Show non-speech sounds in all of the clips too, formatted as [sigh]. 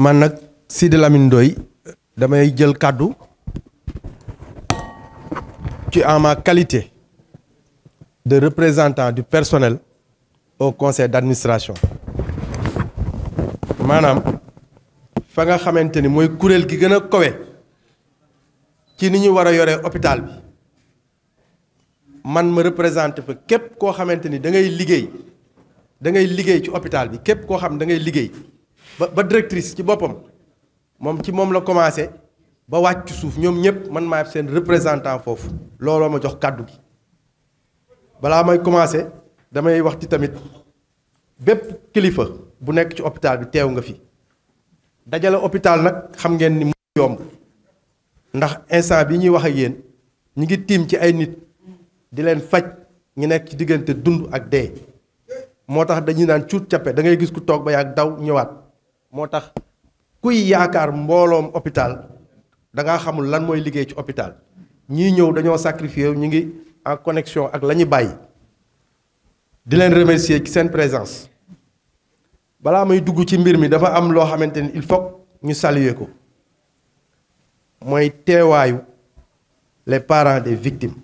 man nag Sidi Lamine Ndoye damay jël kàddu ci en ma qualité de représentant du personnel au conseil d'administration maanaam fa nga xamante ni mooy kuréel gi gën a kowe ci ni ñu war a yore hôpital bi man ma représenté fa képp koo xamante ni da ngay liggéey da ngay liggéey ci hôpital bi képp koo xam da ngay liggéey ba ba directrice ci boppam moom ci moom la commencé ba wàcc suuf ñoom ñëpp man maa seen représentant foofu looloo ma jox kàddu gi balaa may commencé damay wax ci tamit bépp kilifa bu nekk ci hôpital bi teew nga fi dajale hôpital nag xam ngeen ni mu yomb ndax instant bi ñuy wax yéen ñi ngi tiim ci ay nit di leen faj ñu nekk ci diggante dund ak dee moo tax dañuy naan cuut cappe dangay gis ku toog ba yàgg daw ñëwaat moo tax kuy yaakaar mbooloom hôpital da ngaa xamul lan mooy liggéey ci hôpital ñii ñëw dañoo sacrifier ñu ngi en connexion ak la ñu bàyyi di leen remercier ci seen présence balaa may dugg ci mbir mi dafa am loo xamante ni il faut ñu saluer ko mooy teewaayu les parent des victimes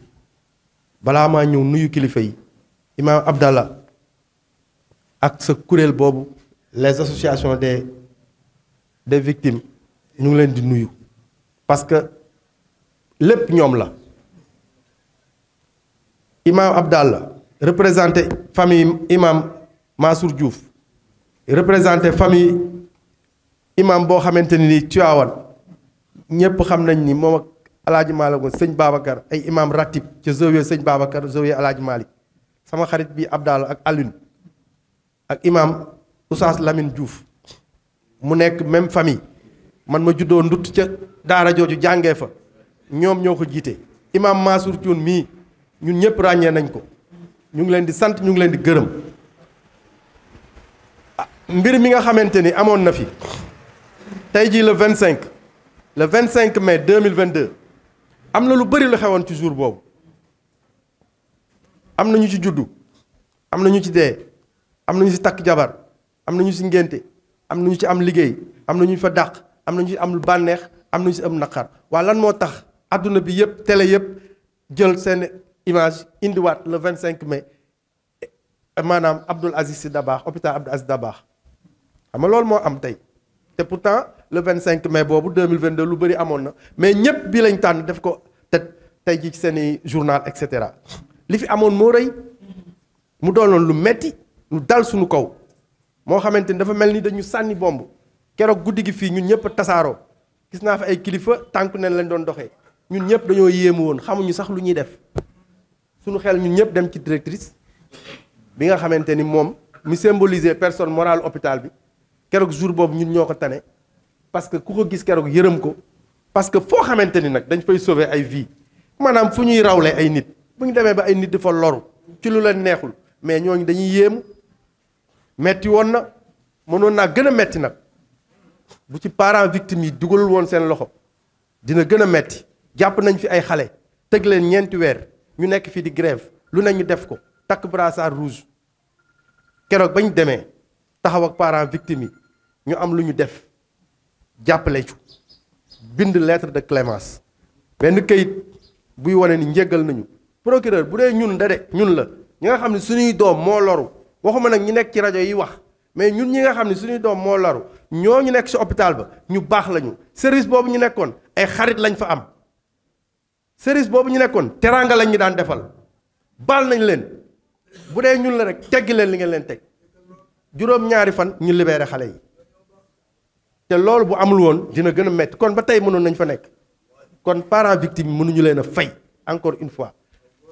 balaa ma ñëw nuyu kilifa yi imaam Abdallah ak sa kuréel boobu les associations des des victimes ñu ngi leen di nuyu parce que lépp ñoom la imam Abdallah représenté famille imam Mansour Diouf représenté famille imam boo xamante ni nii Tiwaawan ñëpp xam nañ ni moom ak alaaji Malick woon sëñ Babacar ay imam ratib ca zawiya sëñ Babacar zawiya alaaji Malick sama xarit bi Abdallah ak Alioune ak imam Oustaz Lamine Diouf mu nekk même famille man ma juddoo ndutt ca daara jooju jàngee fa ñoom ñoo ko jiite imaam Mansour Thioune mii ñun ñëpp ràññee nañ ko ñu ngi leen di sant ñu ngi leen di gërëm ah, mbir mi nga xamante ni amoon na fi tey jii le 25 le 25 mai 2022 am na lu bëri lu xewoon ci jour boobu am na ñu ci juddu am na ñu ci dee am na ñu ci takk jabar. am na ñu si ngénte am na ñu ci am liggéey am na ñu fa dàq am na ñu ci am bànneex am na ñu si am naqar waa lan moo tax àdduna bi yëpp télé yëpp jël seen image indiwaat le cinq mais eh, maanaam Abdoul Aziz Sy Dabakh hôpital Abdoul Aziz baax xam nga loolu moo am tey te pour pourtant le cinq mais boobu 2022 lu bëri amoon na mais ñëpp bi lañ tànn def ko te tey jii ci seen i journal et cetera li fi amoon moo rëy mu doonoon lu metti lu dal suñu kaw. moo xamante ni dafa mel ni dañu sànni bomb keroog guddi gi fii ñun ñëpp tasaaroo gis naa fa ay kilifa tànku neen lañ doon doxee ñun ñëpp dañoo yéemu woon xamuñu sax lu ñuy def suñu xel ñun ñëpp dem ci directrice bi nga xamante ni moom mi symboliser personne morale hôpital bi keroog jour boobu ñun ñoo ko tane parce que ku ko gis keroog yërëm ko parce que foo xamante ni nag dañ fay sauver ay vie maanaam fu ñuy rawle ay nit bu ñu demee ba ay nit di fa loru ci lu leen neexul mais ñooñu dañuy yéemu. metti woon na mënoon naa gën a metti nag bu ci parents victimes yi dugalul woon seen loxo dina gën a metti jàpp nañ fi ay xale tëg leen ñeenti weer ñu nekk fii di grève lu ne ñu def ko takk brassard rouge keroog bañ demee taxaw ak parents victimes yi ñu am lu ñu def jàppale ci bind lettre de clémence benn kayit buy wane ni njéggal nañu procureur bu dee ñun da de ñun la ñi nga xam ne suñuy doom moo loru waxuma nag ñu nekk ci rajo yi wax mais ñun ñi nga xam ne suñuy doom moo laru ñoo ñu nekk si hôpital ba ñu baax lañu service boobu ñu nekkoon ay xarit lañ fa am service boobu ñu nekkoon teraanga lañ ñu daan defal baal nañ leen bu dee ñun la rek teggi leen li ngeen leen teg juróom ñaari fan ñu libeere xale yi te loolu bu amul woon dina gën a métti kon ba tey mënoon nañ fa nekk kon parents victimes mënuñu leen a fay encore une fois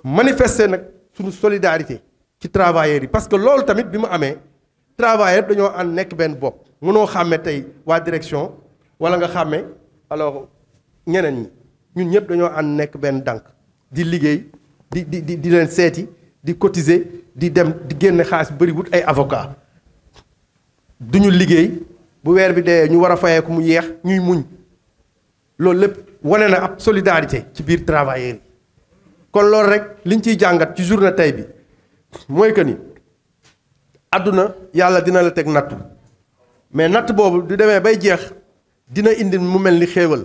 manifeste nag suñu solidarité ci travailleurs yi parce que loolu tamit bi mu amee travailleurs dañoo ànd nekk benn bopp mënoo xàmme tey waa direction wala nga xàmme alors ñeneen ñi ñun ñëpp dañoo ànd nekk benn dànk di liggéey di di di di leen seeti di cotiser di dem di génn xaalis bëri ay avocat duñu liggéey bu weer bi dee ñu war a fayee ko mu yeex ñuy muñ loolu lépp wane na ab solidarité ci biir travailleurs yi kon loolu rek liñ ciy jàngat ci na tey bi mooy que ni àdduna yàlla dina la teg nattu mais natt boobu du demee bay jeex dina indi mu mel ni xéewal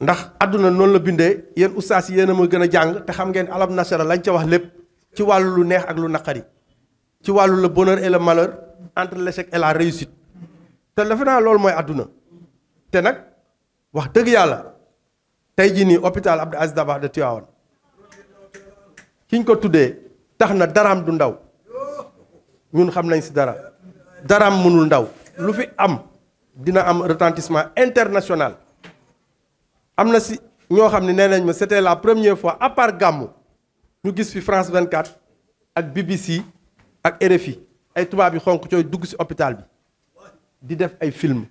ndax àdduna noonu la bindee yéen ustaas yi yéen a ma gën a jàng te xam ngeen alam nasara lañ ca wax lépp ci wàllu lu neex ak lu naqari ci wàllu le bonheur et le malheur entre l'échec et la réussite te defe naa loolu mooy àdduna te nag wax dëgg yàlla tey jii nii hôpital Abdou Aziz Dabakh de Tivaouane kiñ ko tuddee tax na daraam du ndaw ñun xam nañ si dara daraam mënul ndaw lu fi am dina am retentissement international am na si ñoo xam ne nee nañ ma c'était la première fois à part gàmmu ñu gis fi France 24 ak BBC ak RFI ay tubaab yi xonq coy dugg si hôpital bi di def ay film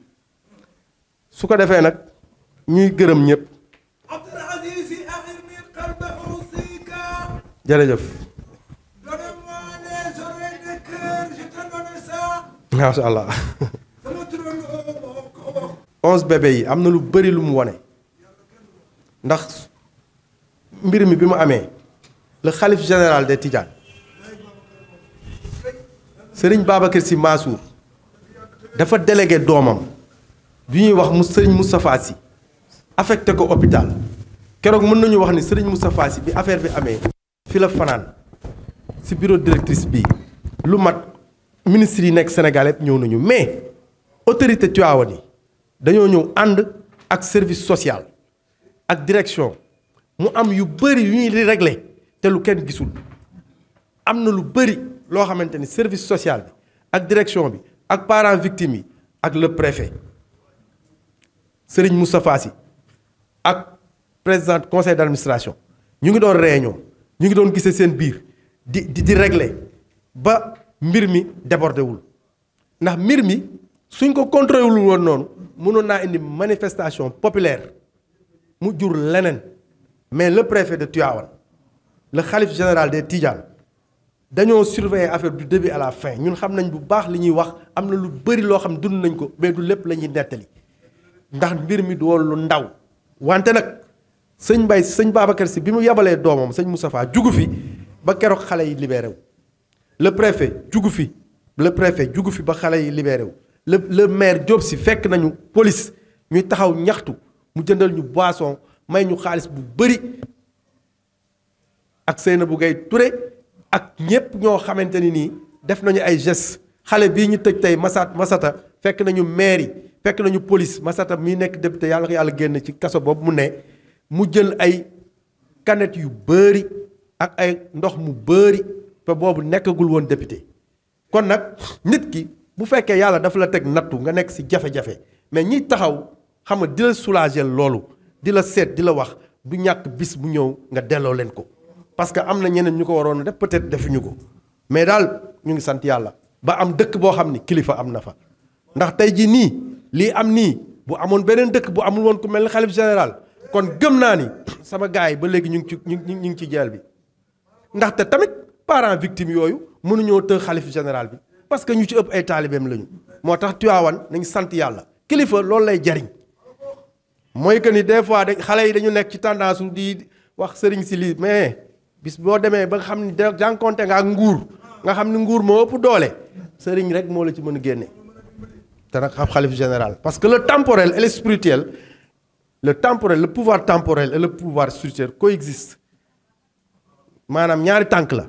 su ko defee nag ñuy gërëm ñëpp. jërëjëf. macha allah. [laughs] onze bébé yi am na lu bari lu mu wane ndax mbir mi bi mu amee le xalif général de Tidjane Serigne Babacar Sy Mansour dafa délégué doomam bi ñuy wax mu Serigne Moustapha Sy affecté ko hôpital keroog mën nañu wax ni Serigne Moustapha Sy bi affaire bi amee. fi la fanaan si bureau directrice bi lu mat ministre yi nekk Sénégal ñëw nañu mais autorité Tivaouane ni dañoo ñëw ànd ak service social ak direction mu am yu bëri yu ñuy di te lu kenn gisul am na lu bëri loo xamante ni service social bi ak direction bi ak parents victimes yi ak le préfet Serigne Moustapha Sy ak président conseil d'administration ñu ngi doon réunion ñu ngi doon gisee seen biir di di di régler ba mbir mi débordé wul ndax mbir mi suñ ko contrôlé wul woon noonu mënoon naa indi manifestation populaire mu jur leneen mais le préfet de Tivaouane le khalife général des Tidianes dañoo surveiller affaire du début à la fin ñun xam nañ bu baax li ñuy wax am na lu bëri loo xam dund nañ ko mais du lépp la ñuy nettali ndax mbir mi du woon lu ndaw wante nag. sëñ Mbaye sëñ Babacar si bi mu yebalee doomam sëñ Moustapha jugu fi ba keroog xale yi libéré wu le préfet jugu fi le préfet jugu fi ba xale yi libéré wu le le maire Diop si fekk nañu police ñuy taxaw ñaxtu mu jëndal ñu boisson may ñu xaalis bu bëri ak Seynabou Gaye Touré ak ñépp ñoo xamante ni nii def nañu ay gestes xale bii ñu tëj tey Massat Massata fekk nañu maire yi fekk nañu police Massata mi nekk te yàlla yàlla génn ci kaso boobu mu ne mu jën ay kanet yu bëri ak ay ndox mu bëri te boobu nekkagul woon député kon nag nit ki bu fekkee yàlla dafa la teg nattu nga nekk ci jafe-jafe mais ñiy taxaw xam nga di la soulager loolu di la seet di la wax du ñàkk bis bu ñëw nga delloo leen ko parce que am na ñeneen ñu ko waroon def peut-être defuñu ko mais daal ñu ngi sant yàlla ba am dëkk boo xam ni kilifa am na fa ndax tey jii nii lii am nii bu amoon beneen dëkk bu amul woon ku mel ni xalif général kon gëm naa ni sama gars yi ba léegi ñu ngi ci ñu ngi ñu ngi ci jeel bi ndaxte tamit parent victimes yooyu mënuñoo të xalif général bi parce que ñu ci ëpp ay taalibeem lañu moo tax Tiwaawan nañ sant yàlla kilifa loolu lay jariñ mooy que ni des fois dañ xale yi dañu nekk ci tendance di wax sëriñ si lii mais bis boo demee ba xam ni jànkonte nga ak nguur nga xam ni nguur moo ëpp doole sëriñ rek moo la ci mën a génne te nag xam xalif général parce que le temporel et le spirituel le temporel le pouvoir temporel et le pouvoir spirituel coexistent maanaam ñaari tànk la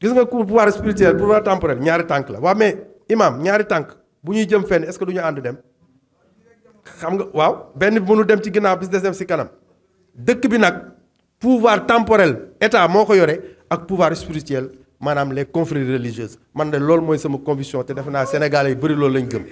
gis nga pouvoir spirituel pouvoir temporel ñaari tànk la waaw mais imam ñaari tànk bu ñuy jëm fenn est-ce que du ñu ànd dem xam nga waaw benn bi mënu dem ci ginnaaw bis des dem si kanam dëkk bi nag pouvoir temporel état moo ko yore ak pouvoir spirituel maanaam les confréries religieuses man de loolu mooy sama conviction te defe naa Sénégalais yi bëri loolu lañ gëm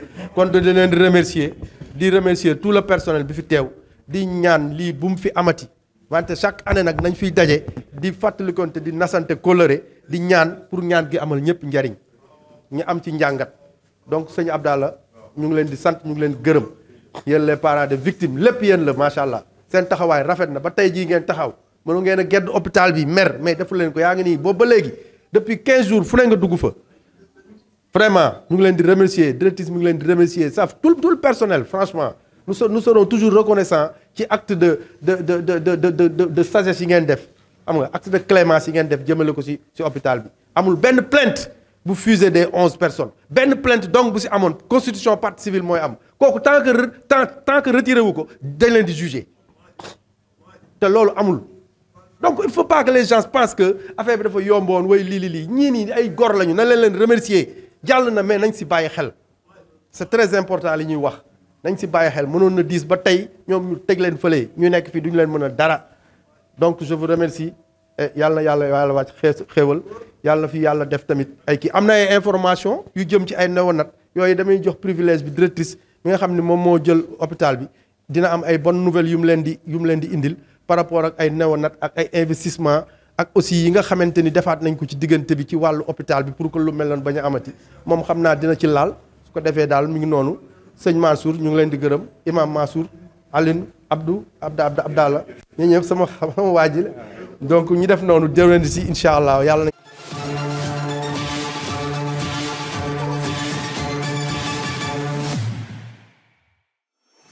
di remercier tout le personnel bi fi teew di ñaan lii bu mu fi amati wante chaque année nag nañ fiy daje di fàttalikonte di nasante coloré di ñaan pour ñaan gi amal ñëpp njariñ ñu am ci njàngat donc sëñ Abdallah ñu ngi leen di sant ñu ngi leen gërëm yéen les parents de victimes lépp yéen la macha allah seen taxawaay rafet na ba tey jii ngeen taxaw mënu ngeen a gedd hôpital bi mer mais defu leen ko yaa ngi nii boobu ba léegi depuis 15 jours fu ne nga dugg fa. vraiment mu ngi leen di remercier directrice mi ngi leen di remercier saf tout tout le personnel franchement nous serons nous serons toujours reconnaissants ci acte de de de de de yi ngeen def xam nga acte de clémence yi ngeen def jëmale ko si ci hôpital bi amul benn plainte bu fuse des onze personnes benn plainte donc bu si amoon constitution partie civile mooy am kooku tant que tant tant que retiré wu ko dañ leen di juger te loolu amul donc il faut pas que les gens pensent que affaire dafa yomboon way lii lii ñii nii ay gor lañu na leen leen remercier jàll na mais nañ si bàyyi xel c'est très important li ñuy wax nañ si bàyyi xel mënoon na diis ba tey ñoom ñu teg leen fële ñu nekk fii duñu leen mën a dara donc je vous remercie eh, yàlla yàlla yàlla wàcc xéewal yàlla fii yàlla def tamit ay kii am na ay information yu jëm ci ay néonat yooyu damay jox privilège bi directrice mi nga xam ni moom moo jël hôpital bi dina am ay bonnes nouvelles yu mu leen di yu leen di indil par rapport ak ay néonat ak ay investissement ak aussi yi nga xamante ni defaat nañ ko ci diggante bi ci wàllu hôpital bi pour que lu mel noonu bañ a amati moom xam naa dina ci laal su ko defee daal mu ngi noonu sëñ Mansour ñu ngi leen di gërëm imam Mansour Aline Abdou Abda Abda Abdala ñooñu ñëpp sama [laughs] sama waa ji la donc ñu def noonu déwén si incha allah yàlla nañ.